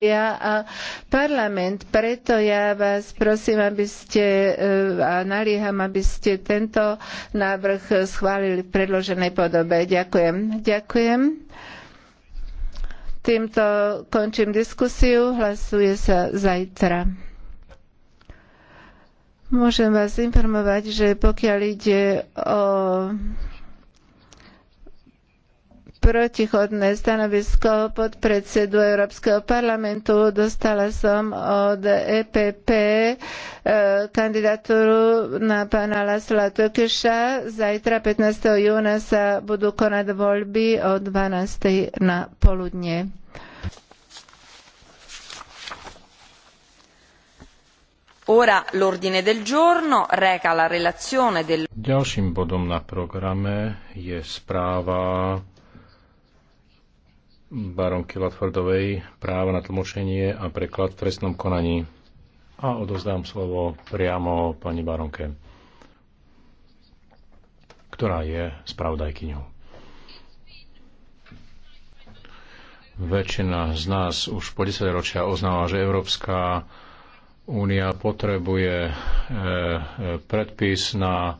ja a parlament. Preto ja vás prosím, aby ste e, a nalieham, aby ste tento návrh schválili v predloženej podobe. Ďakujem. Ďakujem. Týmto končím diskusiu. Hlasuje sa zajtra. Môžem vás informovať, že pokiaľ ide o protichodné stanovisko podpredsedu Európskeho parlamentu. Dostala som od EPP e, kandidatúru na pána Lasla Tökeša. Zajtra 15. júna sa budú konať voľby o 12. na poludne. Ora l'ordine del giorno reca la relazione del... Ďalším bodom na programe je správa baronky Latfordovej právo na tlmočenie a preklad v trestnom konaní. A odozdám slovo priamo pani baronke, ktorá je spravodajkyňou. Väčšina z nás už po 10 ročia oznáva, že Európska únia potrebuje e, e, predpis na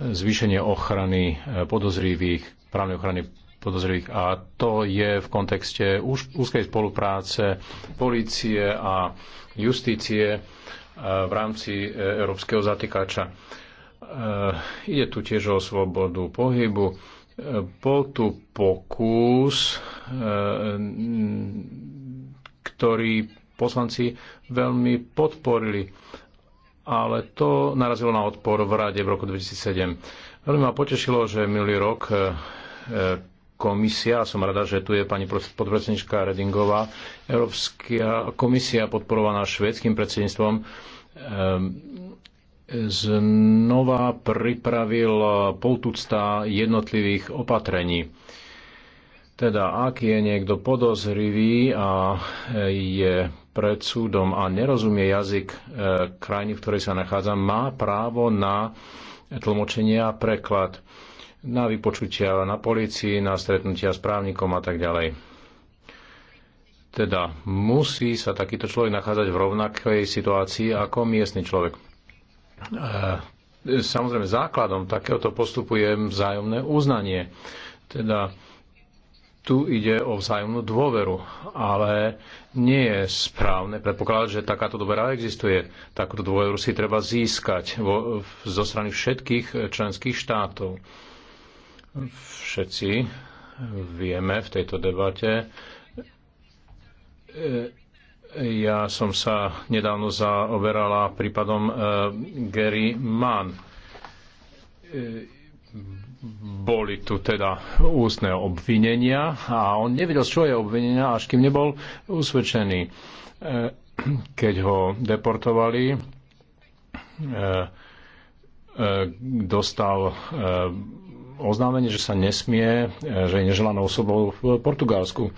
zvýšenie ochrany e, podozrivých, právnej ochrany podozrivých. A to je v kontexte úzkej spolupráce policie a justície e, v rámci e, európskeho zatýkača. E, ide tu tiež o slobodu pohybu. Bol tu pokus, ktorý poslanci veľmi podporili, ale to narazilo na odpor v Rade v roku 2007. Veľmi ma potešilo, že minulý rok komisia, a som rada, že tu je pani podpredsednička Redingová, Európska komisia podporovaná švédským predsedníctvom ehm, znova pripravil poltucta jednotlivých opatrení. Teda, ak je niekto podozrivý a je pred súdom a nerozumie jazyk e, krajiny, v ktorej sa nachádza, má právo na tlmočenie a preklad na vypočutia na policii, na stretnutia s právnikom a tak ďalej. Teda musí sa takýto človek nachádzať v rovnakej situácii ako miestny človek. E, samozrejme, základom takéhoto postupu je vzájomné uznanie. Teda tu ide o vzájomnú dôveru, ale nie je správne predpokladať, že takáto dôvera existuje. Takúto dôveru si treba získať vo, zo strany všetkých členských štátov. Všetci vieme v tejto debate. Ja som sa nedávno zaoberala prípadom e, Gary Mann. E, boli tu teda ústne obvinenia a on nevedel, čo je obvinenia, až kým nebol usvedčený. E, keď ho deportovali, dostal oznámenie, že sa nesmie, e, že je neželanou osobou v Portugalsku.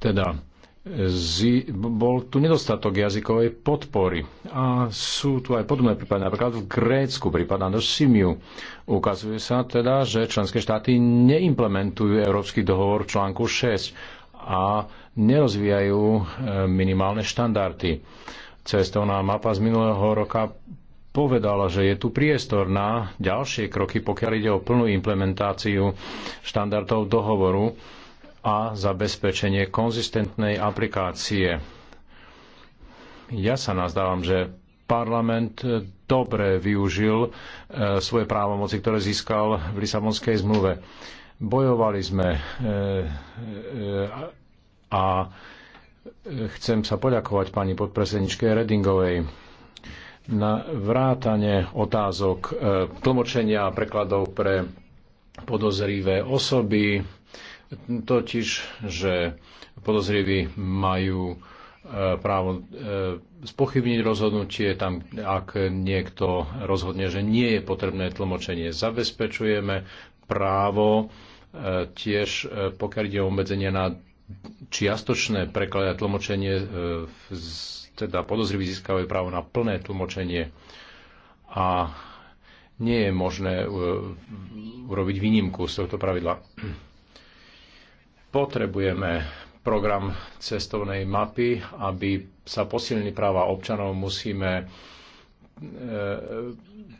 Teda e, zi, bol tu nedostatok jazykovej podpory. A sú tu aj podobné prípady. Napríklad v Grécku prípada do Simiu. Ukazuje sa teda, že členské štáty neimplementujú Európsky dohovor v článku 6 a nerozvíjajú e, minimálne štandardy. Cestovná mapa z minulého roka povedala, že je tu priestor na ďalšie kroky, pokiaľ ide o plnú implementáciu štandardov dohovoru a zabezpečenie konzistentnej aplikácie. Ja sa nazdávam, že parlament dobre využil e, svoje právomoci, ktoré získal v Lisabonskej zmluve. Bojovali sme e, e, a chcem sa poďakovať pani podpredsedničke Redingovej na vrátanie otázok e, tlmočenia a prekladov pre podozrivé osoby, totiž, že podozriví majú e, právo e, spochybniť rozhodnutie, tam ak niekto rozhodne, že nie je potrebné tlmočenie, zabezpečujeme právo tiež, pokiaľ ide o obmedzenie na čiastočné preklad a tlmočenie teda podozriví získavajú právo na plné tlmočenie a nie je možné e, urobiť výnimku z tohto pravidla. Potrebujeme program cestovnej mapy, aby sa posilnili práva občanov, musíme e,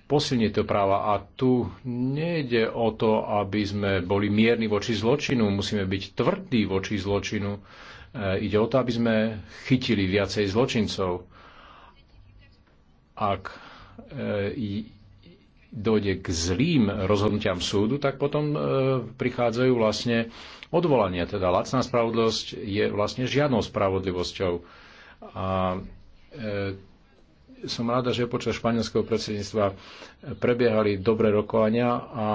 posilniť to práva. A tu nejde o to, aby sme boli mierni voči zločinu, musíme byť tvrdí voči zločinu E, ide o to, aby sme chytili viacej zločincov. Ak e, dojde k zlým rozhodnutiam súdu, tak potom e, prichádzajú vlastne odvolania. Teda lacná spravodlivosť je vlastne žiadnou spravodlivosťou. A som ráda, že počas španielského predsedníctva prebiehali dobré rokovania a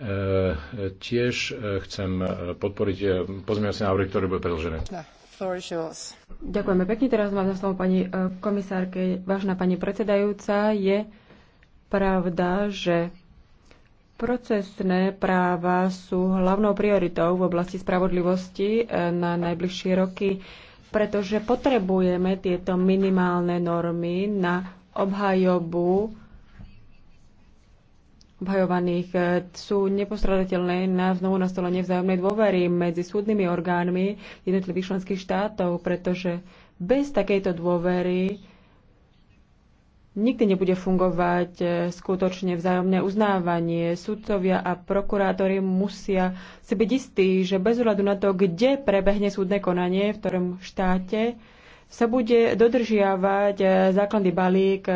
E, tiež e, chcem e, podporiť pozmeňovacie návrhy, ktoré budú predložené. Ďakujeme pekne. Teraz mám za slovo pani komisárke. Vážna pani predsedajúca, je pravda, že procesné práva sú hlavnou prioritou v oblasti spravodlivosti na najbližšie roky, pretože potrebujeme tieto minimálne normy na obhajobu obhajovaných eh, sú nepostradateľné na znovu nastolenie vzájomnej dôvery medzi súdnymi orgánmi jednotlivých členských štátov, pretože bez takejto dôvery nikdy nebude fungovať eh, skutočne vzájomné uznávanie. Sudcovia a prokurátori musia si byť istí, že bez ohľadu na to, kde prebehne súdne konanie, v ktorom štáte, sa bude dodržiavať eh, základný balík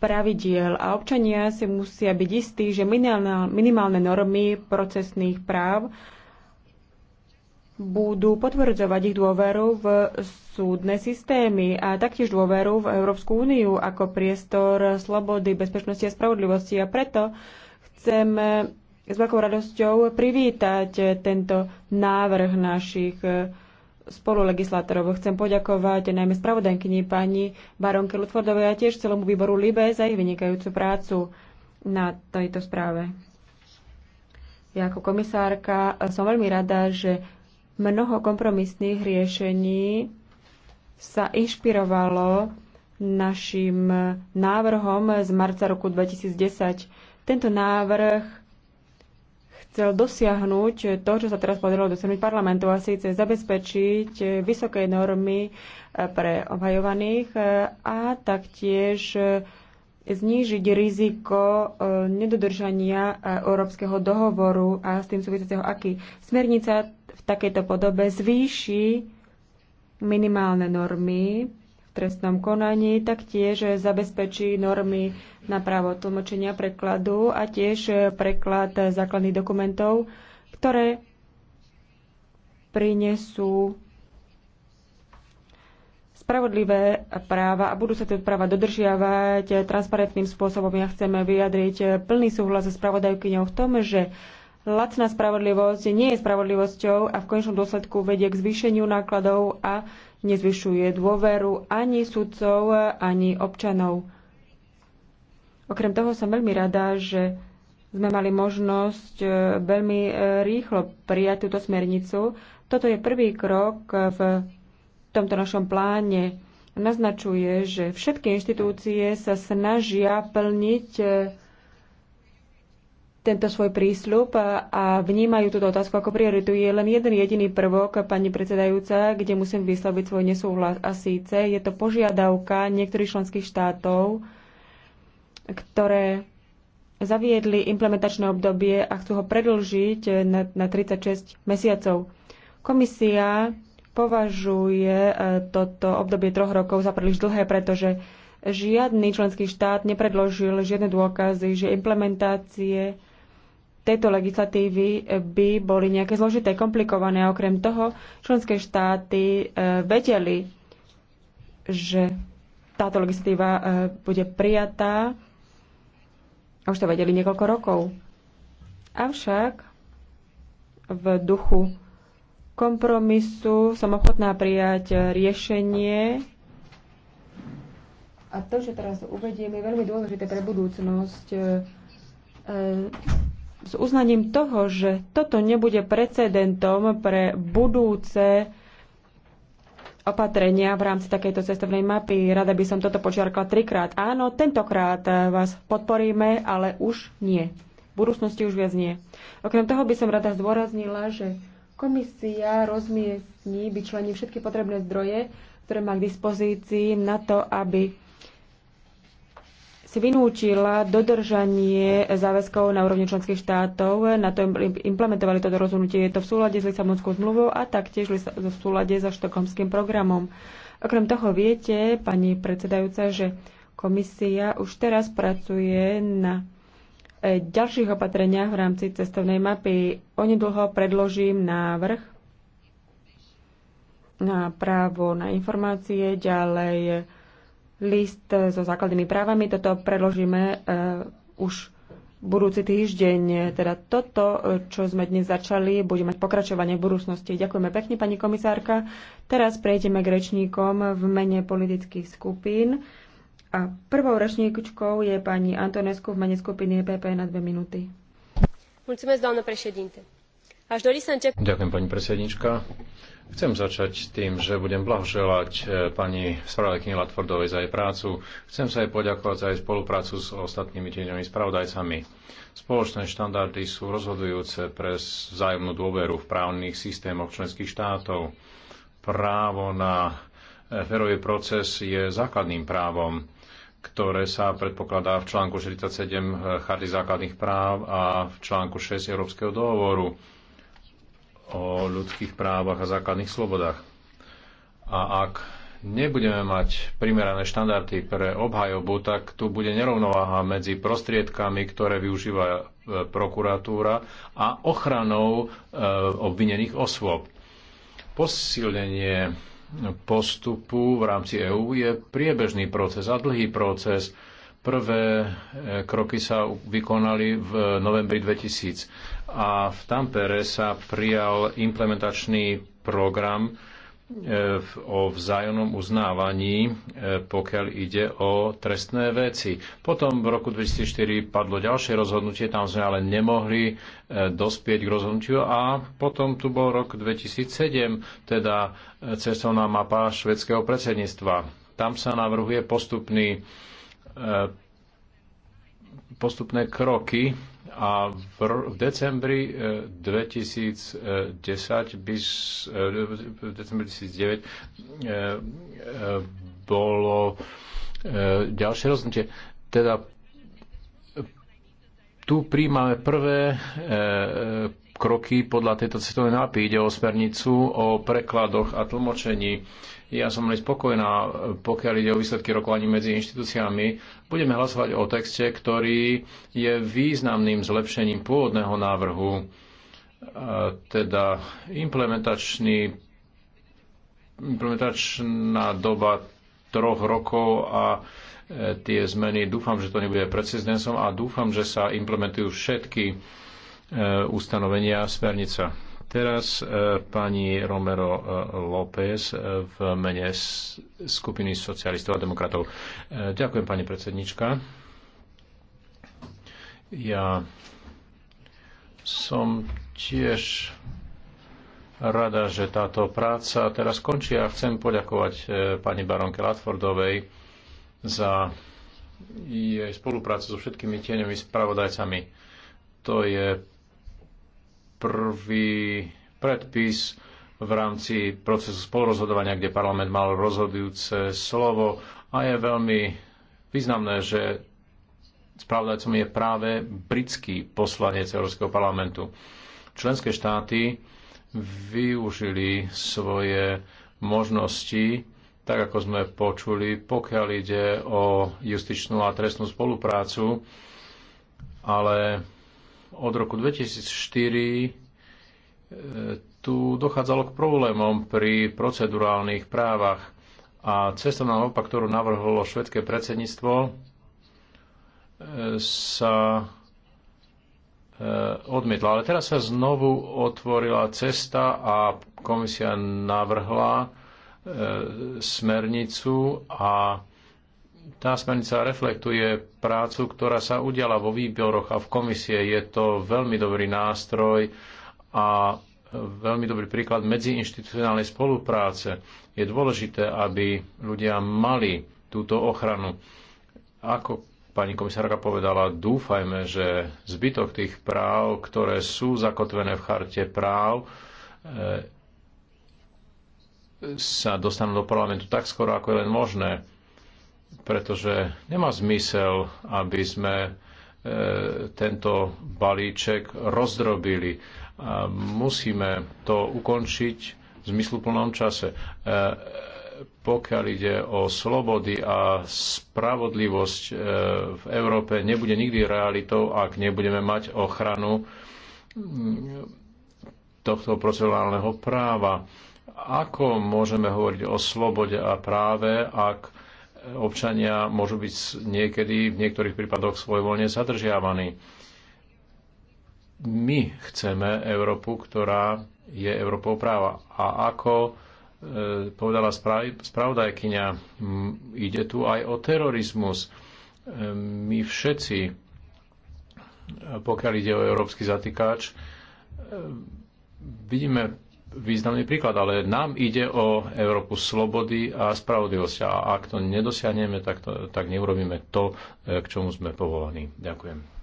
pravidiel a občania si musia byť istí, že minimálne, normy procesných práv budú potvrdzovať ich dôveru v súdne systémy a taktiež dôveru v Európsku úniu ako priestor slobody, bezpečnosti a spravodlivosti. A preto chcem s veľkou radosťou privítať tento návrh našich spolulegislátorov. Chcem poďakovať najmä spravodajkyni pani Baronke Lutfordovej a tiež celému výboru LIBE za ich vynikajúcu prácu na tejto správe. Ja ako komisárka som veľmi rada, že mnoho kompromisných riešení sa inšpirovalo našim návrhom z marca roku 2010. Tento návrh chcel dosiahnuť to, čo sa teraz podarilo dosiahnuť parlamentu a síce zabezpečiť vysoké normy eh, pre obhajovaných eh, a taktiež eh, znížiť riziko nedodržania Európskeho dohovoru a s tým súvisiaceho aký. Smernica v takejto podobe zvýši minimálne normy trestnom konaní, taktiež zabezpečí normy na právo tlmočenia prekladu a tiež preklad základných dokumentov, ktoré prinesú spravodlivé práva a budú sa tie práva dodržiavať transparentným spôsobom. Ja chceme vyjadriť plný súhlas so spravodajkyňou v tom, že Lacná spravodlivosť nie je spravodlivosťou a v konečnom dôsledku vedie k zvýšeniu nákladov a nezvyšuje dôveru ani sudcov, ani občanov. Okrem toho som veľmi rada, že sme mali možnosť e, veľmi e, rýchlo prijať túto smernicu. Toto je prvý krok v tomto našom pláne. Naznačuje, že všetky inštitúcie sa snažia plniť e, tento svoj prísľub a vnímajú túto otázku ako prioritu. Je len jeden jediný prvok, pani predsedajúca, kde musím vysloviť svoj nesúhlas. A síce je to požiadavka niektorých členských štátov, ktoré zaviedli implementačné obdobie a chcú ho predlžiť na, na 36 mesiacov. Komisia považuje e, toto obdobie troch rokov za príliš dlhé, pretože žiadny členský štát nepredložil žiadne dôkazy, že implementácie tejto legislatívy eh, by boli nejaké zložité, komplikované. A okrem toho, členské štáty eh, vedeli, že táto legislatíva eh, bude prijatá. A už to vedeli niekoľko rokov. Avšak v duchu kompromisu som ochotná prijať riešenie. A to, že teraz uvediem, je veľmi dôležité pre budúcnosť s uznaním toho, že toto nebude precedentom pre budúce opatrenia v rámci takejto cestovnej mapy. Rada by som toto počiarkla trikrát. Áno, tentokrát vás podporíme, ale už nie. V budúcnosti už viac nie. Okrem toho by som rada zdôraznila, že komisia rozmiestní, vyčlení všetky potrebné zdroje, ktoré má k dispozícii na to, aby si vynúčila dodržanie záväzkov na úrovni členských štátov, na to implementovali toto rozhodnutie. Je to v súlade s Lisabonskou zmluvou a taktiež v súlade so štokholmským programom. Okrem toho viete, pani predsedajúca, že komisia už teraz pracuje na e, ďalších opatreniach v rámci cestovnej mapy. Onedlho predložím návrh na právo na informácie, ďalej list so základnými právami. Toto predložíme e, už budúci týždeň. Teda toto, čo sme dnes začali, bude mať pokračovanie v budúcnosti. Ďakujeme pekne, pani komisárka. Teraz prejdeme k rečníkom v mene politických skupín. A prvou rečníčkou je pani Antonescu v mene skupiny PP e na dve minúty. Mulțumesc, doamnă președinte. Ďakujem, pani predsednička. Chcem začať tým, že budem blahoželať eh, pani spravodajkyni Latvordovej za jej prácu. Chcem sa jej poďakovať za jej spoluprácu s ostatnými tieňovými spravodajcami. Spoločné štandardy sú rozhodujúce pre vzájomnú dôveru v právnych systémoch členských štátov. Právo na eh, ferový proces je základným právom, ktoré sa predpokladá v článku 47 eh, Charty základných práv a v článku 6 Európskeho dohovoru o ľudských právach a základných slobodách. A ak nebudeme mať primerané štandardy pre obhajobu, tak tu bude nerovnováha medzi prostriedkami, ktoré využíva e, prokuratúra a ochranou e, obvinených osôb. Posilnenie postupu v rámci EÚ je priebežný proces a dlhý proces Prvé e, kroky sa vykonali v novembri 2000 a v Tampere sa prijal implementačný program e, o vzájomnom uznávaní, e, pokiaľ ide o trestné veci. Potom v roku 2004 padlo ďalšie rozhodnutie, tam sme ale nemohli dospieť k rozhodnutiu a potom tu bol rok 2007, teda cestovná mapa švedského predsedníctva. Tam sa navrhuje postupný E, postupné kroky a v, v decembri 2010 e, by, e, v decembri 2009 bolo ďalšie rozhodnutie. Teda tu príjmame prvé kroky podľa tejto cestovnej nápy. Ide o smernicu o prekladoch a tlmočení ja som veľmi spokojná, pokiaľ ide o výsledky rokovaní medzi inštitúciami. Budeme hlasovať o texte, ktorý je významným zlepšením pôvodného návrhu, teda implementačný, implementačná doba troch rokov a e, tie zmeny. Dúfam, že to nebude precedensom a dúfam, že sa implementujú všetky e, ustanovenia smernica. Teraz e, pani Romero e, López e, v mene skupiny socialistov a demokratov. Ďakujem, pani predsednička. Ja som tiež rada, že táto práca teraz končí a chcem poďakovať pani baronke Latfordovej za jej spoluprácu so všetkými tieňovými spravodajcami. To je prvý predpis v rámci procesu spolurozhodovania, kde parlament mal rozhodujúce slovo a je veľmi významné, že spravodajcom je práve britský poslanec Európskeho parlamentu. Členské štáty využili svoje možnosti, tak ako sme počuli, pokiaľ ide o justičnú a trestnú spoluprácu, ale od roku 2004 e, tu dochádzalo k problémom pri procedurálnych právach a cesta na opak, ktorú navrhlo švedské predsedníctvo, e, sa e, odmietla. Ale teraz sa znovu otvorila cesta a komisia navrhla smernicu a tá smernica reflektuje prácu, ktorá sa udiala vo výboroch a v komisie. Je to veľmi dobrý nástroj a veľmi dobrý príklad medziinstitucionálnej spolupráce. Je dôležité, aby ľudia mali túto ochranu. Ako pani komisárka povedala, dúfajme, že zbytok tých práv, ktoré sú zakotvené v charte práv, e, sa dostanú do parlamentu tak skoro, ako je len možné pretože nemá zmysel, aby sme e, tento balíček rozdrobili. Musíme to ukončiť v zmysluplnom čase. E, pokiaľ ide o slobody a spravodlivosť e, v Európe, nebude nikdy realitou, ak nebudeme mať ochranu mm, tohto procedurálneho práva. Ako môžeme hovoriť o slobode a práve, ak občania môžu byť niekedy v niektorých prípadoch svojvoľne zadržiavaní. My chceme Európu, ktorá je Európou práva. A ako e, povedala spravodajkyňa, ide tu aj o terorizmus. E, my všetci, e, pokiaľ ide o európsky zatýkač, vidíme významný príklad, ale nám ide o Európu slobody a spravodlivosti. A ak to nedosiahneme, tak, to, tak neurobíme to, e, k čomu sme povolaní. Ďakujem.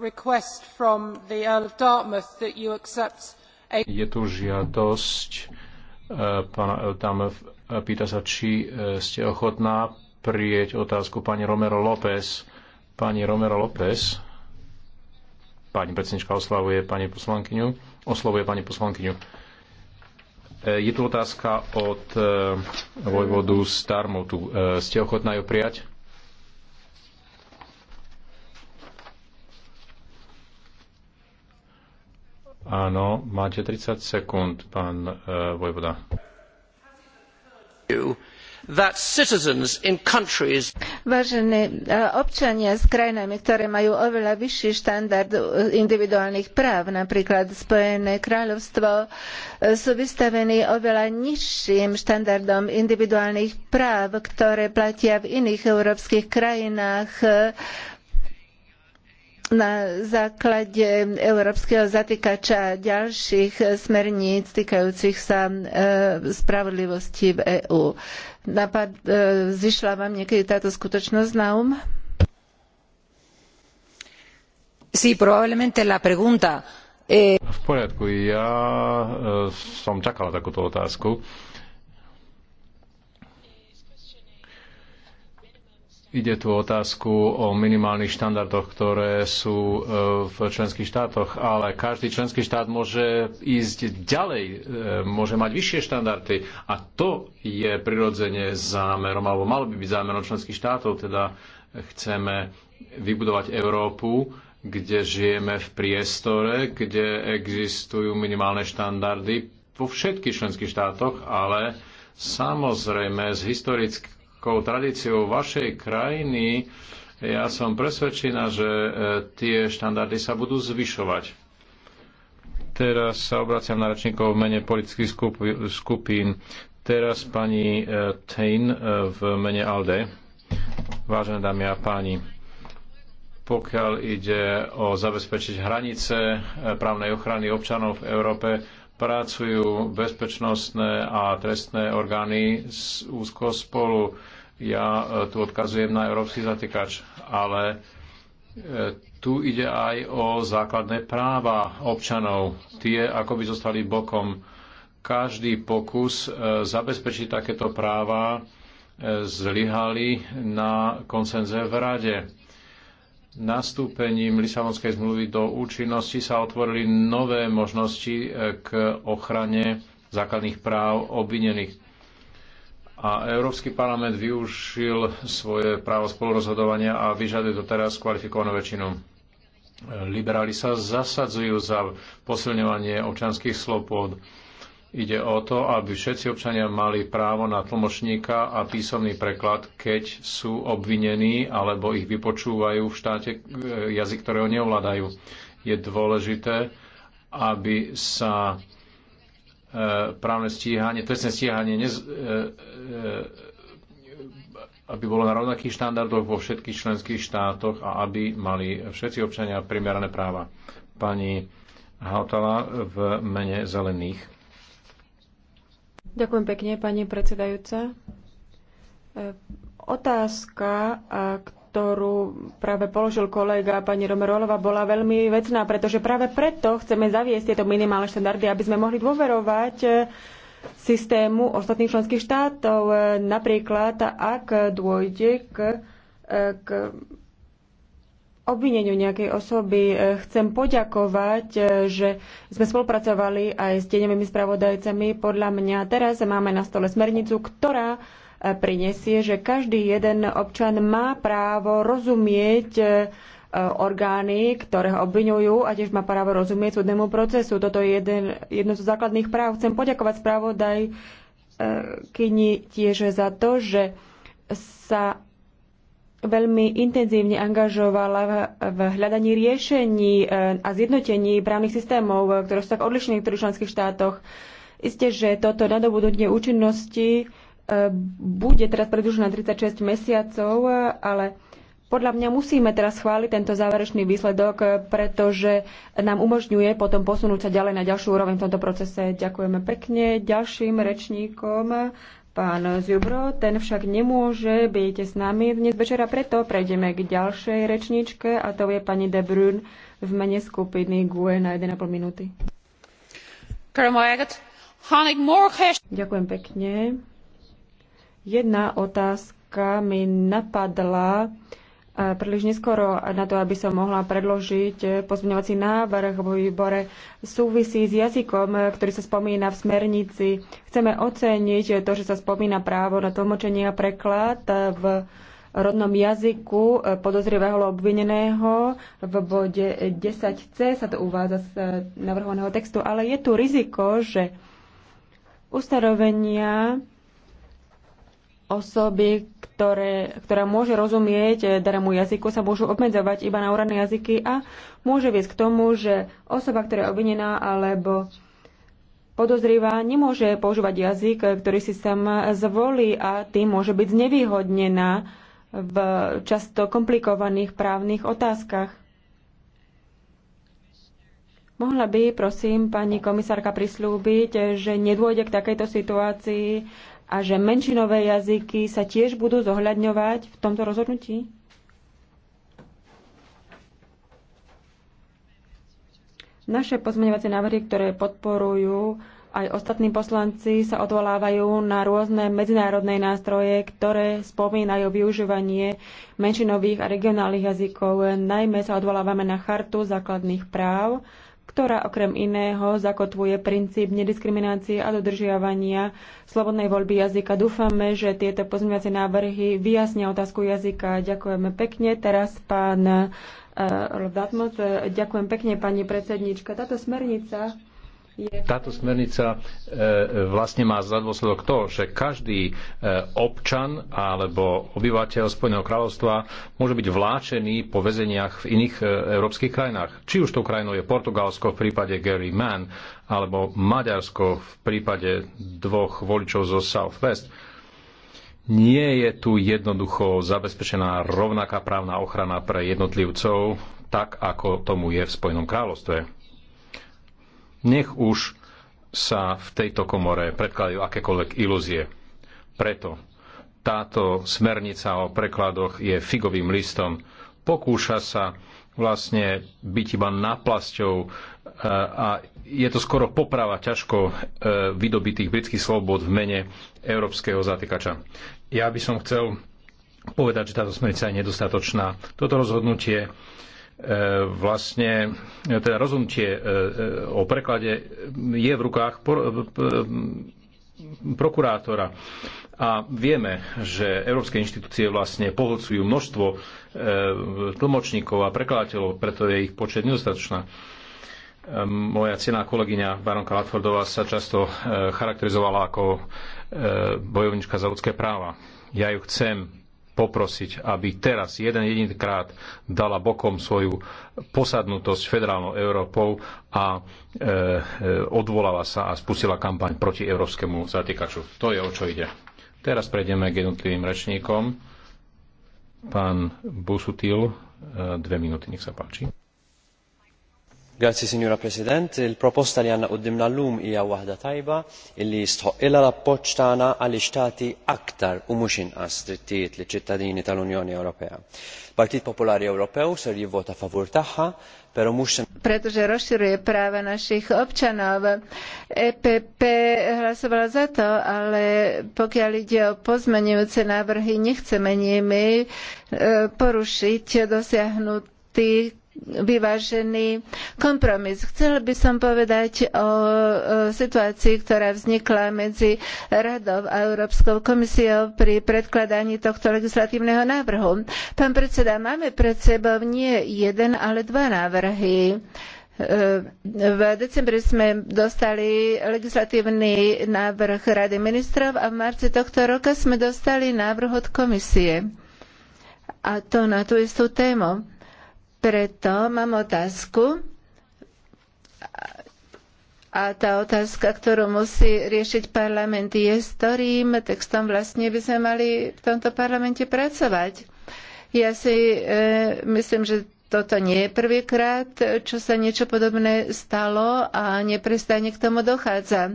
request from the Earl of Dartmouth that you accept je tu žiadosť, e, pána, tam e, pýta sa, či e, ste ochotná prieť otázku pani Romero López. Pani Romero López, pani predsednička oslavuje pani poslankyňu, oslovuje pani poslankyňu. Je tu otázka od vojvodu Starmotu. Ste ochotná ju prijať? Áno, máte 30 sekúnd, pán uh, Vojvoda. Vážení e, občania s krajinami, ktoré majú oveľa vyšší štandard e, individuálnych práv, napríklad Spojené kráľovstvo, sú vystavení oveľa nižším štandardom individuálnych práv, ktoré platia v iných európskych krajinách na základe európskeho zatýkača a ďalších smerníc týkajúcich sa e, spravodlivosti v EÚ. Napad, e, zišla vám niekedy táto skutočnosť na um? Sí, probablemente la pregunta. E... V poriadku, ja e, som čakala takúto otázku. Ide tu o otázku o minimálnych štandardoch, ktoré sú e, v členských štátoch, ale každý členský štát môže ísť ďalej, e, môže mať vyššie štandardy a to je prirodzene zámerom, alebo malo by byť zámerom členských štátov, teda chceme vybudovať Európu, kde žijeme v priestore, kde existujú minimálne štandardy vo všetkých členských štátoch, ale samozrejme z historických veľkou tradíciou vašej krajiny, ja som presvedčená, že e, tie štandardy sa budú zvyšovať. Teraz sa obraciam na rečníkov v mene politických skupín. Teraz pani e, Tain e, v mene ALDE. Vážené dámy a páni, pokiaľ ide o zabezpečiť hranice právnej ochrany občanov v Európe, pracujú bezpečnostné a trestné orgány úzko spolu. Ja e, tu odkazujem na európsky zatekač, ale e, tu ide aj o základné práva občanov. Tie ako by zostali bokom. Každý pokus e, zabezpečiť takéto práva zlyhali na koncenze v Rade. Nastúpením Lisabonskej zmluvy do účinnosti sa otvorili nové možnosti k ochrane základných práv obvinených. A Európsky parlament využil svoje právo spolurozhodovania a vyžaduje to teraz kvalifikovanú väčšinu. Liberáli sa zasadzujú za posilňovanie občanských slobod. Ide o to, aby všetci občania mali právo na tlmočníka a písomný preklad, keď sú obvinení alebo ich vypočúvajú v štáte e, jazyk, ktorého neovládajú. Je dôležité, aby sa E, právne stíhanie, trestné stíhanie nez, e, e, aby bolo na rovnakých štandardoch vo všetkých členských štátoch a aby mali všetci občania primerané práva. Pani Hautala v mene zelených. Ďakujem pekne, pani predsedajúca. Otázka, ktorú práve položil kolega pani Romerolova, bola veľmi vecná, pretože práve preto chceme zaviesť tieto minimálne štandardy, aby sme mohli dôverovať eh, systému ostatných členských štátov. Eh, napríklad, ak dôjde k, eh, k obvineniu nejakej osoby, chcem poďakovať, že sme spolupracovali aj s deňovými spravodajcami. Podľa mňa teraz máme na stole smernicu, ktorá prinesie, že každý jeden občan má právo rozumieť e, orgány, ktoré ho obvinujú a tiež má právo rozumieť súdnemu procesu. Toto je jeden, jedno zo základných práv. Chcem poďakovať Kini tiež za to, že sa veľmi intenzívne angažovala v hľadaní riešení e, a zjednotení právnych systémov, e, ktoré sú tak odlišné v ktorých členských štátoch. Isté, že toto nadobudnutie účinnosti bude teraz predĺžená 36 mesiacov, ale podľa mňa musíme teraz chváliť tento záverečný výsledok, pretože nám umožňuje potom posunúť sa ďalej na ďalšiu úroveň v tomto procese. Ďakujeme pekne ďalším rečníkom. Pán Zubro, ten však nemôže byť s nami dnes večera, preto prejdeme k ďalšej rečníčke a to je pani De Bruyne v mene skupiny GUE na 1,5 minúty. Ďakujem pekne. Jedna otázka mi napadla e, príliš neskoro na to, aby som mohla predložiť e, pozmeňovací návrh vo výbore súvisí s jazykom, e, ktorý sa spomína v smernici. Chceme oceniť to, že sa spomína právo na tlmočenie a preklad v rodnom jazyku podozrivého obvineného. V bode 10c sa to uvádza z navrhovaného textu, ale je tu riziko, že ustanovenia osoby, ktoré, ktorá môže rozumieť eh, danému jazyku, sa môžu obmedzovať iba na úradné jazyky a môže viesť k tomu, že osoba, ktorá je obvinená alebo podozrivá, nemôže používať jazyk, eh, ktorý si sám zvolí a tým môže byť znevýhodnená v často komplikovaných právnych otázkach. Mohla by, prosím, pani komisárka prislúbiť, eh, že nedôjde k takejto situácii a že menšinové jazyky sa tiež budú zohľadňovať v tomto rozhodnutí? Naše pozmeňovacie návrhy, ktoré podporujú aj ostatní poslanci, sa odvolávajú na rôzne medzinárodné nástroje, ktoré spomínajú využívanie menšinových a regionálnych jazykov. Najmä sa odvolávame na chartu základných práv, ktorá okrem iného zakotvuje princíp nediskriminácie a dodržiavania slobodnej voľby jazyka. Dúfame, že tieto pozmeňovacie návrhy vyjasnia otázku jazyka. Ďakujeme pekne. Teraz pán eh, Lord Ďakujem pekne, pani predsednička. Táto smernica táto smernica e, vlastne má za dôsledok to, že každý e, občan alebo obyvateľ Spojeného kráľovstva môže byť vláčený po väzeniach v iných e, európskych krajinách. Či už tou krajinou je Portugalsko v prípade Gary Mann alebo Maďarsko v prípade dvoch voličov zo Southwest. Nie je tu jednoducho zabezpečená rovnaká právna ochrana pre jednotlivcov, tak ako tomu je v Spojenom kráľovstve nech už sa v tejto komore predkladajú akékoľvek ilúzie. Preto táto smernica o prekladoch je figovým listom. Pokúša sa vlastne byť iba náplasťou e, a je to skoro poprava ťažko e, vydobitých britských slobod v mene európskeho zatýkača. Ja by som chcel povedať, že táto smernica je nedostatočná. Toto rozhodnutie E, vlastne e, teda rozhodnutie e, o preklade je v rukách prokurátora. A vieme, že európske inštitúcie vlastne pohľcujú množstvo tlmočníkov a prekladateľov, preto je ich počet nedostatočná. moja cená kolegyňa Baronka Latfordová sa často charakterizovala ako bojovnička za ľudské práva. Ja ju chcem poprosiť, aby teraz jeden jediný krát dala bokom svoju posadnutosť federálnou Európou a e, e, odvolala sa a spustila kampaň proti európskemu zatýkaču. To je o čo ide. Teraz prejdeme k jednotlivým rečníkom. Pán Busutil, e, dve minúty, nech sa páči signora president il-proposta li għandna quddiemna llum hija waħda tajba illi jistħoqilha l-appoġġ tagħna għaliex tagħti aktar u mhux inqas drittijiet liċ-ċittadini tal-unjoni ewropea. il-partit popolari ewropew ser jivvota favur tagħha pero mhux pretože rozširuje práva našich občanov. EPP hlasovala za to, ale pokiaľ ide o pozmenujúce návrhy, nechceme nimi e, porušiť dosiahnutý vyvážený kompromis. Chcela by som povedať o situácii, ktorá vznikla medzi Radou a Európskou komisiou pri predkladaní tohto legislatívneho návrhu. Pán predseda, máme pred sebou nie jeden, ale dva návrhy. E, v decembri sme dostali legislatívny návrh Rady ministrov a v marci tohto roka sme dostali návrh od komisie. A to na tú istú tému preto mám otázku a tá otázka, ktorú musí riešiť parlament, je, s ktorým textom vlastne by sme mali v tomto parlamente pracovať. Ja si e, myslím, že toto nie je prvýkrát, čo sa niečo podobné stalo a neprestane k tomu dochádza.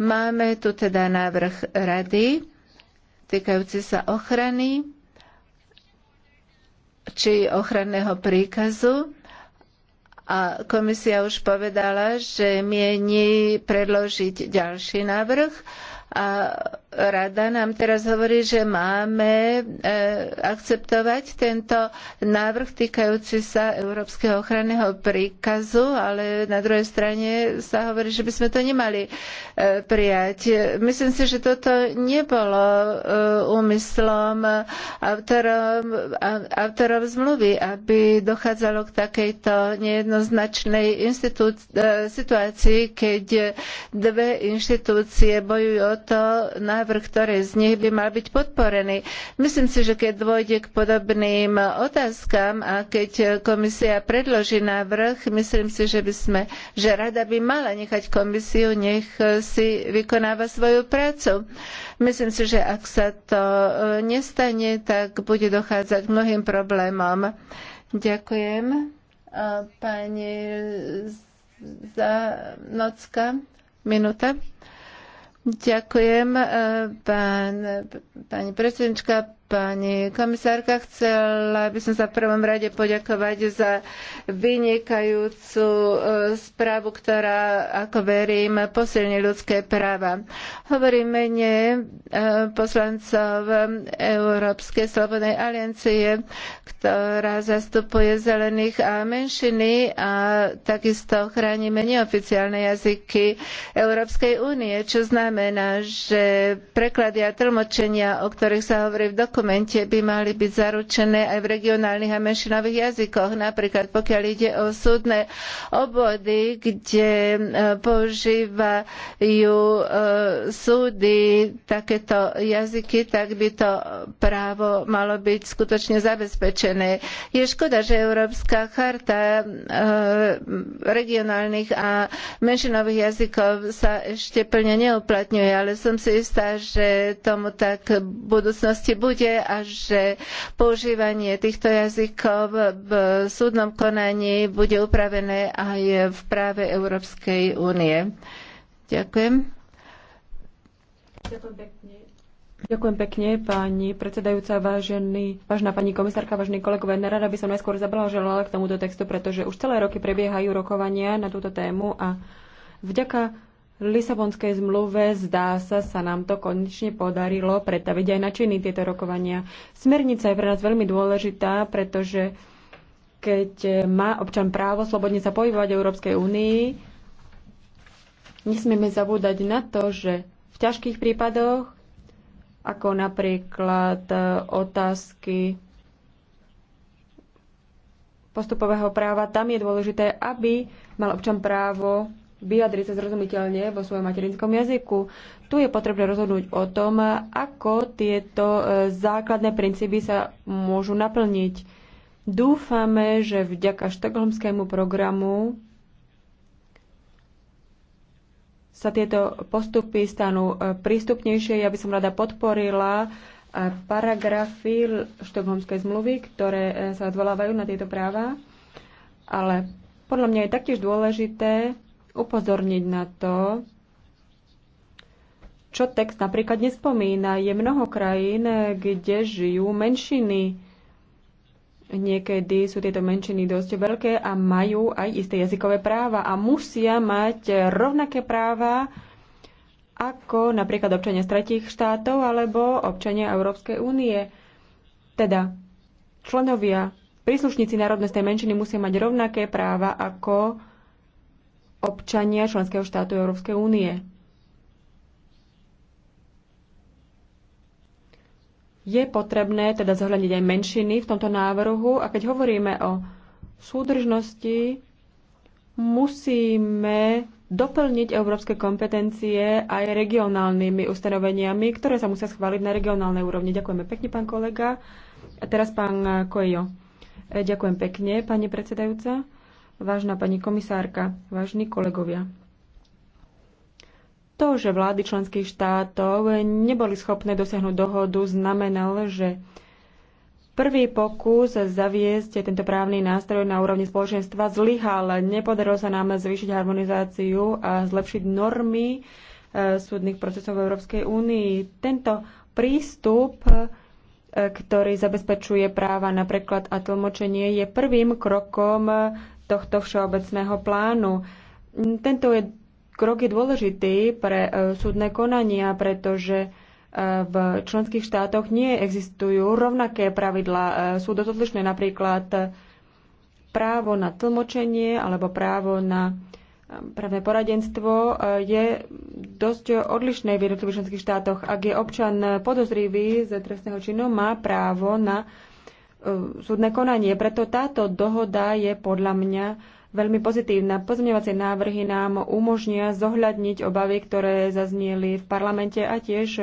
Máme tu teda návrh rady týkajúci sa ochrany či ochranného príkazu. A komisia už povedala, že mieni predložiť ďalší návrh a rada nám teraz hovorí, že máme e, akceptovať tento návrh týkajúci sa Európskeho ochranného príkazu, ale na druhej strane sa hovorí, že by sme to nemali e, prijať. Myslím si, že toto nebolo e, úmyslom autorom, zmluvy, aby dochádzalo k takejto nejednoznačnej situácii, keď dve inštitúcie bojujú o to, na návrh, ktoré z nich by mal byť podporený. Myslím si, že keď dôjde k podobným otázkam a keď komisia predloží návrh, myslím si, že by sme, že rada by mala nechať komisiu, nech si vykonáva svoju prácu. Myslím si, že ak sa to e, nestane, tak bude dochádzať k mnohým problémom. Ďakujem. Pani Zanocka, minúta. Ďakujem, eh, pán, pani predsednička, Pani komisárka, chcela by som sa v prvom rade poďakovať za vynikajúcu e, správu, ktorá, ako verím, posilní ľudské práva. Hovorím mene e, poslancov Európskej slobodnej aliancie, ktorá zastupuje zelených a menšiny a takisto chránime neoficiálne jazyky Európskej únie, čo znamená, že preklady a tlmočenia, o ktorých sa hovorí v dokumentu, dokumente by mali byť zaručené aj v regionálnych a menšinových jazykoch. Napríklad pokiaľ ide o súdne obvody, kde e, používajú e, súdy takéto jazyky, tak by to právo malo byť skutočne zabezpečené. Je škoda, že Európska charta e, regionálnych a menšinových jazykov sa ešte plne neuplatňuje, ale som si istá, že tomu tak v budúcnosti bude súde a že používanie týchto jazykov v súdnom konaní bude upravené aj v práve Európskej únie. Ďakujem. Ďakujem pekne. Ďakujem pekne, pani predsedajúca, vážený, vážená pani komisárka, vážení kolegovia. Nerada by som najskôr zablahoželala k tomuto textu, pretože už celé roky prebiehajú rokovania na túto tému a vďaka Lisabonskej zmluve zdá sa, sa nám to konečne podarilo pretaviť aj na činy tieto rokovania. Smernica je pre nás veľmi dôležitá, pretože keď má občan právo slobodne sa pohybovať v Európskej únii, nesmieme zabúdať na to, že v ťažkých prípadoch, ako napríklad e, otázky postupového práva, tam je dôležité, aby mal občan právo vyjadriť sa zrozumiteľne vo svojom materinskom jazyku. Tu je potrebné rozhodnúť o tom, ako tieto e, základné princípy sa môžu naplniť. Dúfame, že vďaka štokholmskému programu sa tieto postupy stanú e, prístupnejšie. Ja by som rada podporila e, paragrafy štokholmskej zmluvy, ktoré sa odvolávajú na tieto práva, ale podľa mňa je taktiež dôležité upozorniť na to, čo text napríklad nespomína. Je mnoho krajín, kde žijú menšiny. Niekedy sú tieto menšiny dosť veľké a majú aj isté jazykové práva a musia mať rovnaké práva ako napríklad občania z tretích štátov alebo občania Európskej únie. Teda členovia, príslušníci národnostnej menšiny musia mať rovnaké práva ako občania členského štátu Európskej únie. Je potrebné teda zohľadniť aj menšiny v tomto návrhu a keď hovoríme o súdržnosti, musíme doplniť európske kompetencie aj regionálnymi ustanoveniami, ktoré sa musia schváliť na regionálnej úrovni. Ďakujeme pekne, pán kolega. A teraz pán Kojo. E, ďakujem pekne, pani predsedajúca vážna pani komisárka, vážni kolegovia. To, že vlády členských štátov neboli schopné dosiahnuť dohodu, znamenalo, že Prvý pokus zaviesť tento právny nástroj na úrovni spoločenstva zlyhal. Nepodarilo sa nám zvýšiť harmonizáciu a zlepšiť normy e, súdnych procesov v Európskej únii. Tento prístup, e, ktorý zabezpečuje práva na preklad a tlmočenie, je prvým krokom tohto všeobecného plánu. Tento je, krok je dôležitý pre e, súdne konania, pretože e, v členských štátoch nie existujú rovnaké E, Sú dosť odlišné napríklad e, právo na tlmočenie alebo právo na právne poradenstvo je dosť odlišné v jednotlivých členských štátoch. Ak je občan podozrivý z trestného činu, má právo na súdne konanie. Preto táto dohoda je podľa mňa veľmi pozitívna. Pozmeňovacie návrhy nám umožnia zohľadniť obavy, ktoré zaznieli v parlamente a tiež e,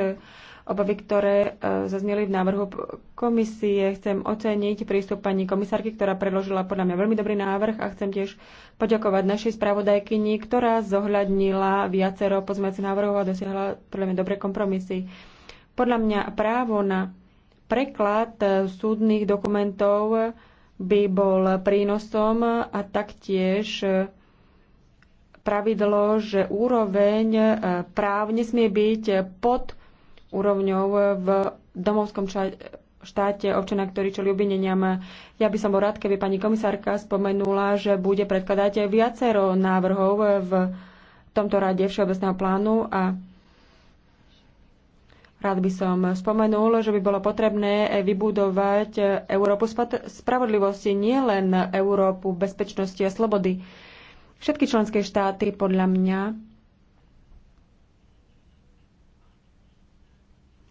obavy, ktoré e, zazneli v návrhu komisie. Chcem oceniť prístup pani komisárky, ktorá predložila podľa mňa veľmi dobrý návrh a chcem tiež poďakovať našej spravodajkyni, ktorá zohľadnila viacero pozmeňovacích návrhov a dosiahla podľa mňa dobré kompromisy. Podľa mňa právo na Preklad e, súdnych dokumentov by bol prínosom a taktiež e, pravidlo, že úroveň e, práv nesmie byť pod úrovňou v domovskom štáte občana, ktorý čeli obvineniam. Ja by som bol rád, keby pani komisárka spomenula, že bude predkladať viacero návrhov v tomto rade Všeobecného plánu a Rád by som spomenul, že by bolo potrebné vybudovať Európu spravodlivosti, nielen Európu bezpečnosti a slobody. Všetky členské štáty podľa mňa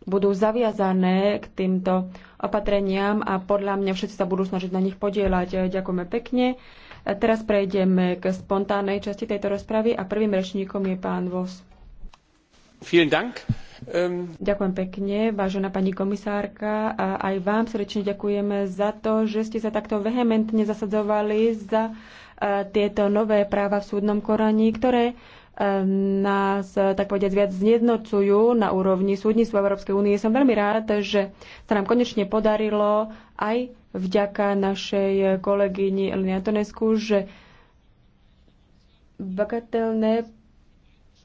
budú zaviazané k týmto opatreniam a podľa mňa všetci sa budú snažiť na nich podielať. Ďakujeme pekne. A teraz prejdeme k spontánnej časti tejto rozpravy a prvým rečníkom je pán Vos. Vielen Dank. Um... Ďakujem pekne, vážená pani komisárka. A aj vám srdečne ďakujeme za to, že ste sa takto vehementne zasadzovali za e, tieto nové práva v súdnom koraní, ktoré e, nás, tak povediať, viac zjednocujú na úrovni súdnictva Európskej únie. Som veľmi rád, že sa nám konečne podarilo aj vďaka našej kolegyni Eliny Antonesku, že bagatelné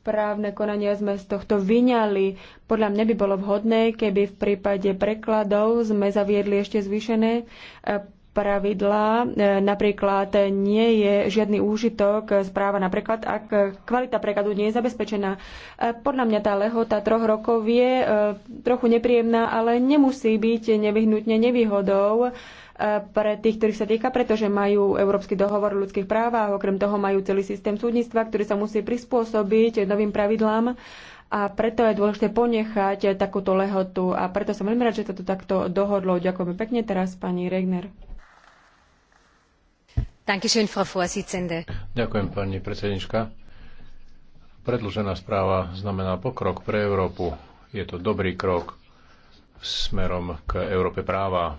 právne konania sme z tohto vyňali. Podľa mňa by bolo vhodné, keby v prípade prekladov sme zaviedli ešte zvýšené e, pravidlá. E, napríklad nie je žiadny úžitok správa preklad, ak kvalita prekladu nie je zabezpečená. E, podľa mňa tá lehota troch rokov je trochu nepríjemná, ale nemusí byť nevyhnutne nevýhodou pre tých, ktorých sa týka, pretože majú Európsky dohovor o ľudských právach, okrem toho majú celý systém súdnictva, ktorý sa musí prispôsobiť novým pravidlám a preto je dôležité ponechať takúto lehotu a preto som veľmi rád, že sa to takto dohodlo. Ďakujem pekne teraz pani Regner. Ďakujem, pani predsednička. Predlžená správa znamená pokrok pre Európu. Je to dobrý krok smerom k Európe práva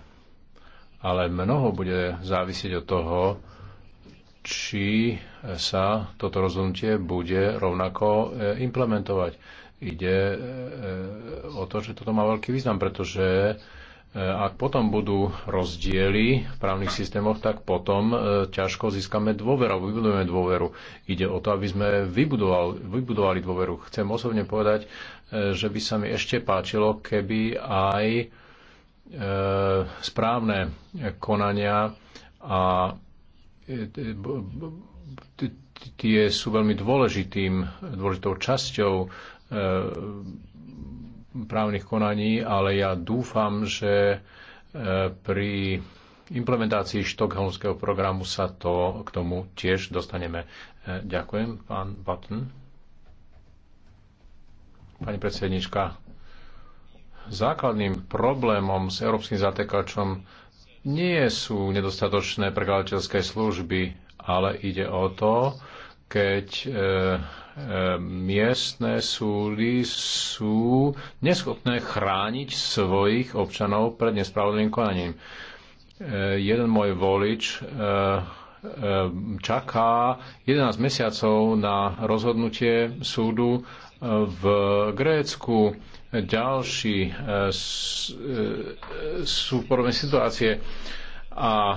ale mnoho bude závisieť od toho, či sa toto rozhodnutie bude rovnako e, implementovať. Ide e, e, o to, že toto má veľký význam, pretože ak potom budú rozdiely v právnych systémoch, tak potom ťažko získame dôveru, vybudujeme dôveru. Ide o to, aby sme vybudovali, vybudovali dôveru. Chcem osobne povedať, že by sa mi ešte páčilo, keby aj E, správne konania a e, tie sú veľmi dôležitým, dôležitou časťou e, právnych konaní, ale ja dúfam, že pri implementácii štokholmského programu sa to k tomu tiež dostaneme. Ďakujem, pán Button. Pani predsednička, základným problémom s európskym zatekačom nie sú nedostatočné prekladateľské služby, ale ide o to, keď e, e, miestne súdy sú neschopné chrániť svojich občanov pred nespravodlivým konaním. E, jeden môj volič e, e, čaká 11 mesiacov na rozhodnutie súdu e, v Grécku ďalší e, e, sú podobné situácie a e,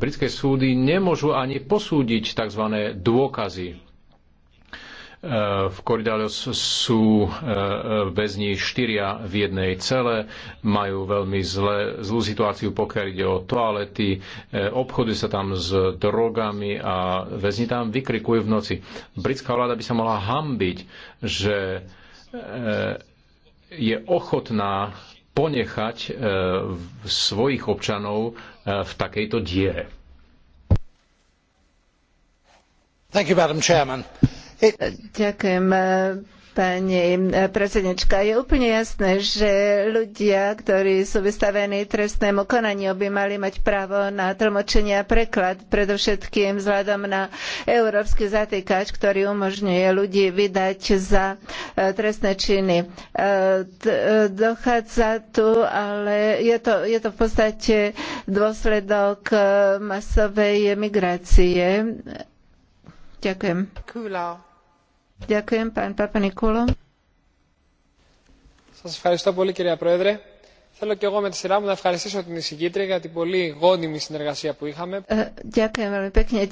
britské súdy nemôžu ani posúdiť tzv. dôkazy. V Koridalios sú väzni štyria v jednej cele, majú veľmi zlé, zlú situáciu, pokiaľ ide o toalety, obchody sa tam s drogami a väzni tam vykrikujú v noci. Britská vláda by sa mohla hambiť, že je ochotná ponechať e, svojich občanov e, v takejto diere. Thank you, Madam Chairman. Ďakujem, pani e, predsednička. Je úplne jasné, že ľudia, ktorí sú vystavení trestnému konaniu, by mali mať právo na tlmočenie a preklad, predovšetkým vzhľadom na európsky zatýkač, ktorý umožňuje ľudí vydať za e, trestné činy. E, dochádza tu, ale je to, je to v podstate dôsledok masovej migrácie. Ďakujem. Kula. Ďakujem, pán Papa Nikolo. Σας ευχαριστώ πολύ κυρία Πρόεδρε. Θέλω και εγώ με τη σειρά μου να ευχαριστήσω την εισηγήτρια για την πολύ γόνιμη συνεργασία που είχαμε. Ďakujem veľmi pekne,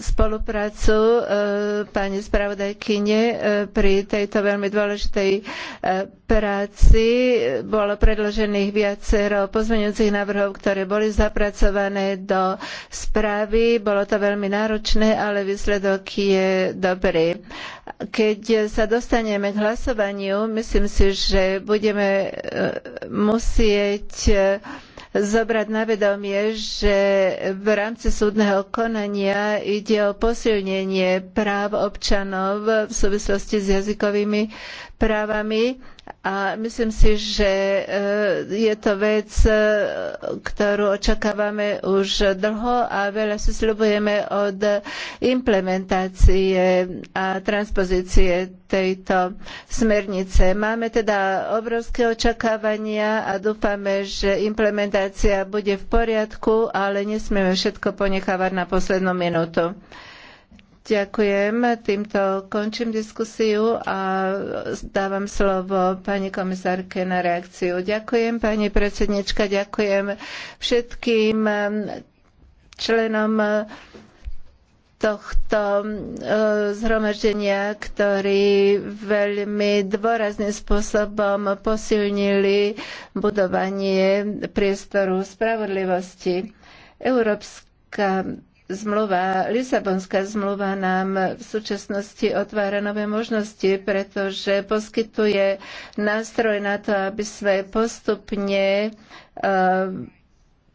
spoluprácu e, pani spravodajkyne e, pri tejto veľmi dôležitej e, práci. Bolo predložených viacero pozmeňujúcich návrhov, ktoré boli zapracované do správy. Bolo to veľmi náročné, ale výsledok je dobrý. Keď sa dostaneme k hlasovaniu, myslím si, že budeme musieť zobrať na vedomie, že v rámci súdneho konania ide o posilnenie práv občanov v súvislosti s jazykovými právami a myslím si, že e, je to vec, e, ktorú očakávame už dlho a veľa si slubujeme od implementácie a transpozície tejto smernice. Máme teda obrovské očakávania a dúfame, že implementácia bude v poriadku, ale nesmieme všetko ponechávať na poslednú minútu. Ďakujem. Týmto končím diskusiu a dávam slovo pani komisárke na reakciu. Ďakujem, pani predsednička, ďakujem všetkým členom tohto eh, zhromaždenia, ktorí veľmi dôrazným spôsobom posilnili budovanie priestoru spravodlivosti. Európska zmluva, Lisabonská zmluva nám v súčasnosti otvára nové možnosti, pretože poskytuje nástroj na to, aby sme postupne eh,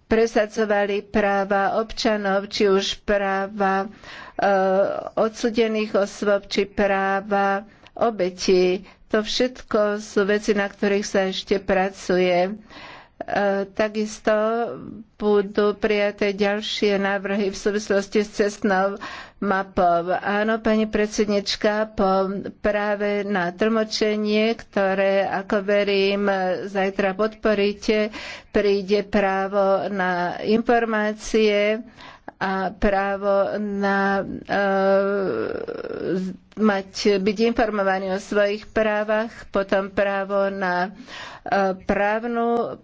presadzovali práva občanov, či už práva e, odsudených osôb, či práva obetí. To všetko sú veci, na ktorých sa ešte pracuje. E, E, takisto budú prijaté ďalšie návrhy v súvislosti s cestnou mapou. Áno, pani predsednička, po práve na trmočenie, ktoré, ako verím, zajtra podporíte, príde právo na informácie a právo na e, mať, byť informovaný o svojich právach, potom právo na e, právnu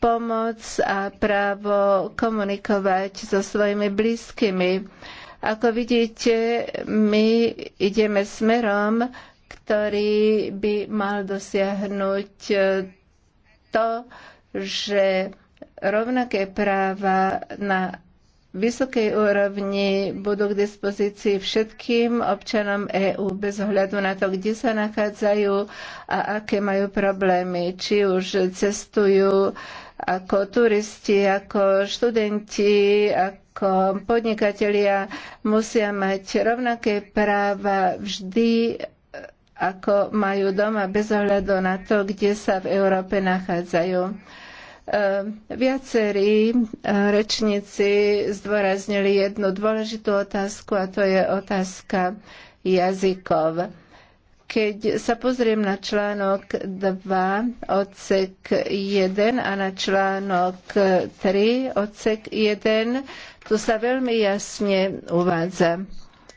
pomoc a právo komunikovať so svojimi blízkymi. Ako vidíte, my ideme smerom, ktorý by mal dosiahnuť e, to, že rovnaké práva na vysokej úrovni budú k dispozícii všetkým občanom EÚ bez ohľadu na to, kde sa nachádzajú a aké majú problémy, či už cestujú ako turisti, ako študenti, ako podnikatelia musia mať rovnaké práva vždy ako majú doma bez ohľadu na to, kde sa v Európe nachádzajú. Eh, viacerí eh, rečníci zdôraznili jednu dôležitú otázku a to je otázka jazykov. Keď sa pozriem na článok 2, odsek 1 a na článok 3, odsek 1, tu sa veľmi jasne uvádza,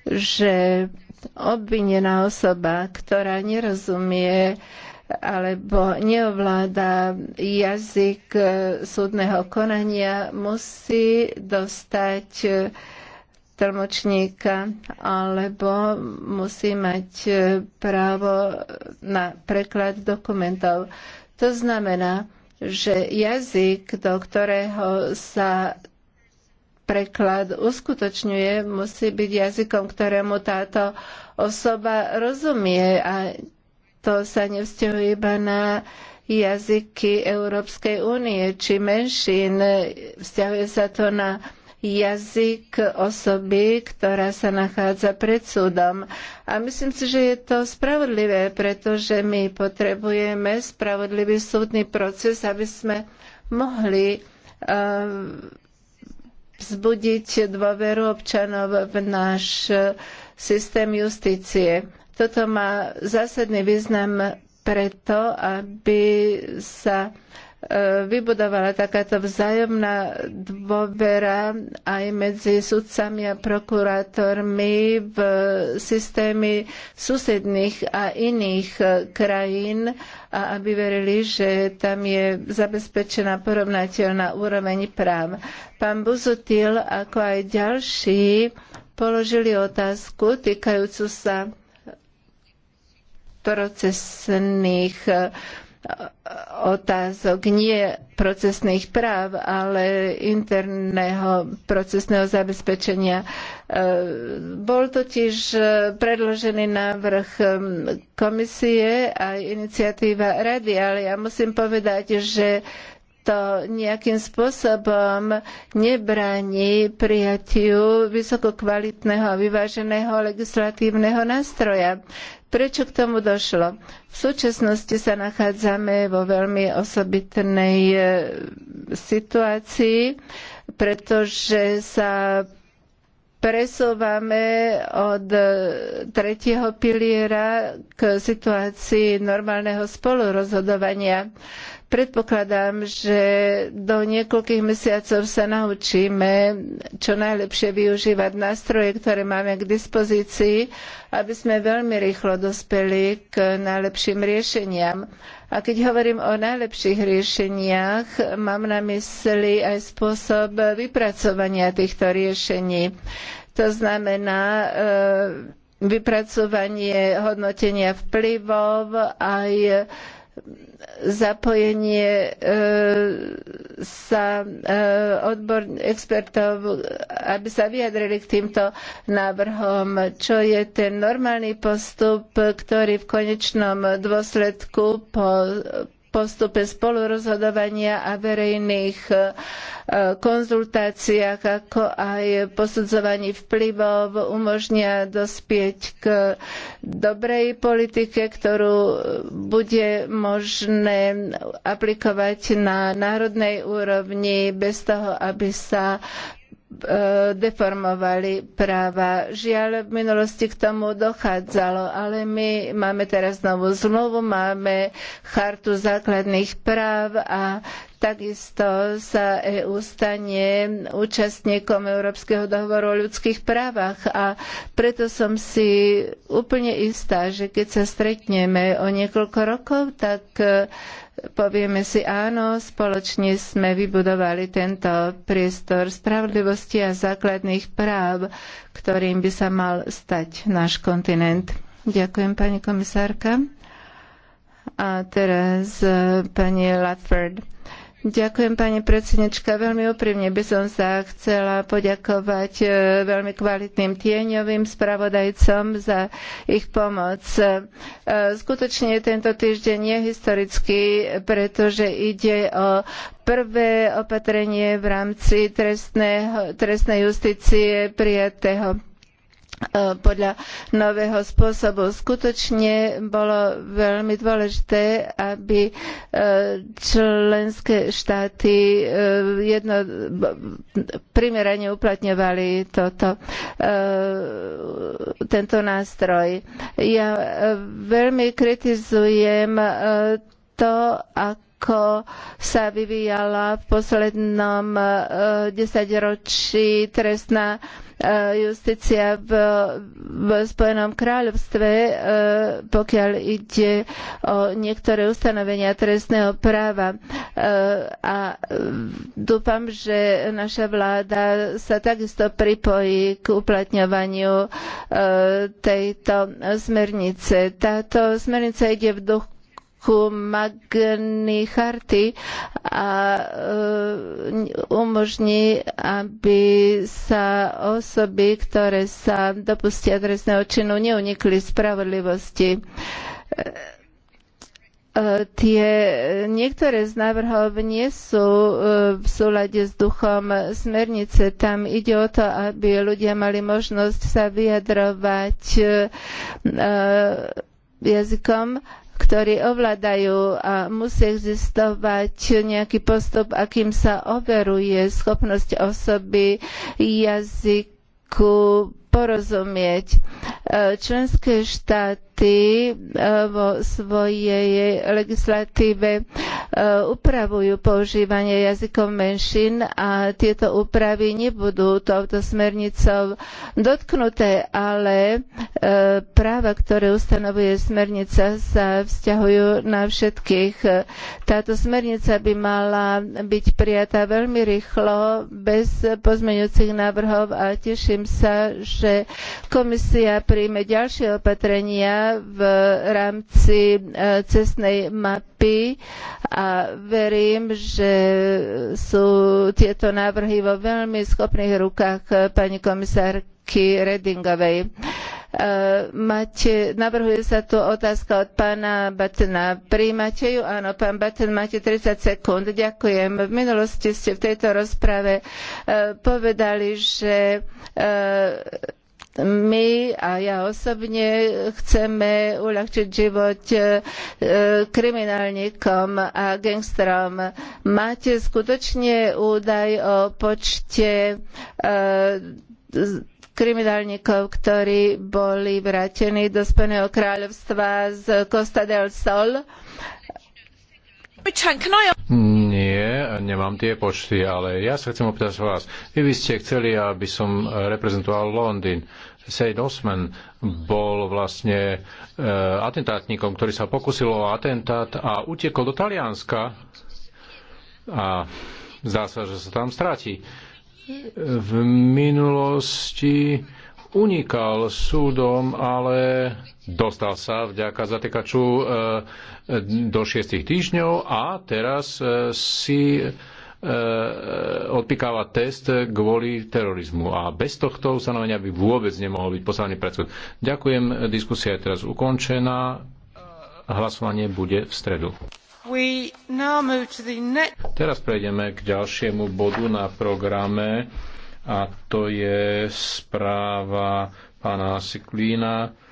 že obvinená osoba, ktorá nerozumie alebo neovláda jazyk eh, súdneho konania, musí dostať eh, tlmočníka alebo musí mať e, právo na preklad dokumentov. To znamená, že jazyk, do ktorého sa preklad uskutočňuje, musí byť jazykom, ktorému táto osoba rozumie a to sa nevzťahuje iba na jazyky Európskej únie či menšín. Vzťahuje sa to na jazyk osoby, ktorá sa nachádza pred súdom. A myslím si, že je to spravodlivé, pretože my potrebujeme spravodlivý súdny proces, aby sme mohli eh, vzbudiť dôveru občanov v náš systém justície. Toto má zásadný význam preto, aby sa uh, E, vybudovala takáto vzájomná dôvera aj medzi sudcami a prokurátormi v systémy susedných a iných e, krajín a aby verili, že tam je zabezpečená porovnateľná úroveň práv. Pán Buzutil, ako aj ďalší, položili otázku týkajúcu sa procesných otázok nie procesných práv, ale interného procesného zabezpečenia. E, bol totiž predložený návrh komisie a iniciatíva rady, ale ja musím povedať, že to nejakým spôsobom nebráni prijatiu vysokokvalitného a vyváženého legislatívneho nástroja. Prečo k tomu došlo? V súčasnosti sa nachádzame vo veľmi osobitnej e, situácii, pretože sa presúvame od e, tretieho piliera k situácii normálneho spolurozhodovania. Predpokladám, že do niekoľkých mesiacov sa naučíme čo najlepšie využívať nástroje, ktoré máme k dispozícii, aby sme veľmi rýchlo dospeli k najlepším riešeniam a keď hovorím o najlepších riešeniach, mám na mysli aj spôsob vypracovania týchto riešení. To znamená, e, vypracovanie hodnotenia vplyvov, aj zapojenie e, sa e, odbor expertov, aby sa vyjadrili k týmto návrhom, čo je ten normálny postup, ktorý v konečnom dôsledku po postupe spolurozhodovania a verejných e, konzultáciách, ako aj posudzovaní vplyvov umožnia dospieť k dobrej politike, ktorú bude možné aplikovať na národnej úrovni bez toho, aby sa E, deformovali práva. Žiaľ, v minulosti k tomu dochádzalo, ale my máme teraz novú zmluvu, máme chartu základných práv a Takisto sa EÚ stane účastníkom Európskeho dohovoru o ľudských právach a preto som si úplne istá, že keď sa stretneme o niekoľko rokov, tak e, povieme si áno, spoločne sme vybudovali tento priestor spravodlivosti a základných práv, ktorým by sa mal stať náš kontinent. Ďakujem, pani komisárka. A teraz e, pani Latford. Ďakujem, pani predsednička. Veľmi úprimne by som sa chcela poďakovať e, veľmi kvalitným tieňovým spravodajcom za ich pomoc. E, skutočne tento týždeň je historický, pretože ide o prvé opatrenie v rámci trestnej justície prijatého E, podľa nového spôsobu. Skutočne bolo veľmi dôležité, aby e, členské štáty e, jedno, primerane uplatňovali toto, tento nástroj. Ja veľmi kritizujem to, ako ako sa vyvíjala v poslednom e, desaťročí trestná e, justícia v, v Spojenom kráľovstve, e, pokiaľ ide o niektoré ustanovenia trestného práva. A dúfam, že naša vláda sa takisto pripojí k uplatňovaniu tejto smernice. Táto smernica ide v duchu duchu Magni charty a e, umožní, aby sa osoby, ktoré sa dopustia trestného činu, neunikli spravodlivosti e, e, tie niektoré z návrhov nie sú v súlade s duchom smernice. Tam ide o to, aby ľudia mali možnosť sa vyjadrovať jazykom, ktorí ovládajú a musí existovať nejaký postup, akým sa overuje schopnosť osoby jazyku porozumieť. E, členské štáty štáty e, vo svojej legislatíve e, upravujú používanie jazykov menšín a tieto úpravy nebudú touto smernicou dotknuté, ale e, práva, ktoré ustanovuje smernica, sa vzťahujú na všetkých. Táto smernica by mala byť prijatá veľmi rýchlo, bez pozmeňujúcich návrhov a teším sa, že komisia príjme ďalšie opatrenia, v rámci e, cestnej mapy a verím, že sú tieto návrhy vo veľmi schopných rukách pani komisárky Redingovej. E, máte, navrhuje sa tu otázka od pána Batena. Príjmate ju? Áno, pán Baten, máte 30 sekúnd. Ďakujem. V minulosti ste v tejto rozprave e, povedali, že my a ja osobne chceme uľahčiť život e, kriminálnikom a gangsterom. Máte skutočne údaj o počte e, kriminálnikov, ktorí boli vrátení do Spojeného kráľovstva z Costa del Sol? Nie, nemám tie počty, ale ja sa chcem opýtať vás. Vy by ste chceli, aby som eh, reprezentoval Londýn. Sejd Osman bol vlastne e, atentátnikom, ktorý sa pokusil o atentát a utekol do Talianska a zdá sa, že sa tam stráti. V minulosti unikal súdom, ale dostal sa vďaka zatekaču e, do šiestich týždňov a teraz e, si e, odpikáva test kvôli terorizmu. A bez tohto ustanovenia by vôbec nemohol byť poslaný predsud. Ďakujem, diskusia je teraz ukončená. Hlasovanie bude v stredu. Teraz prejdeme k ďalšiemu bodu na programe a to je správa pána Siklína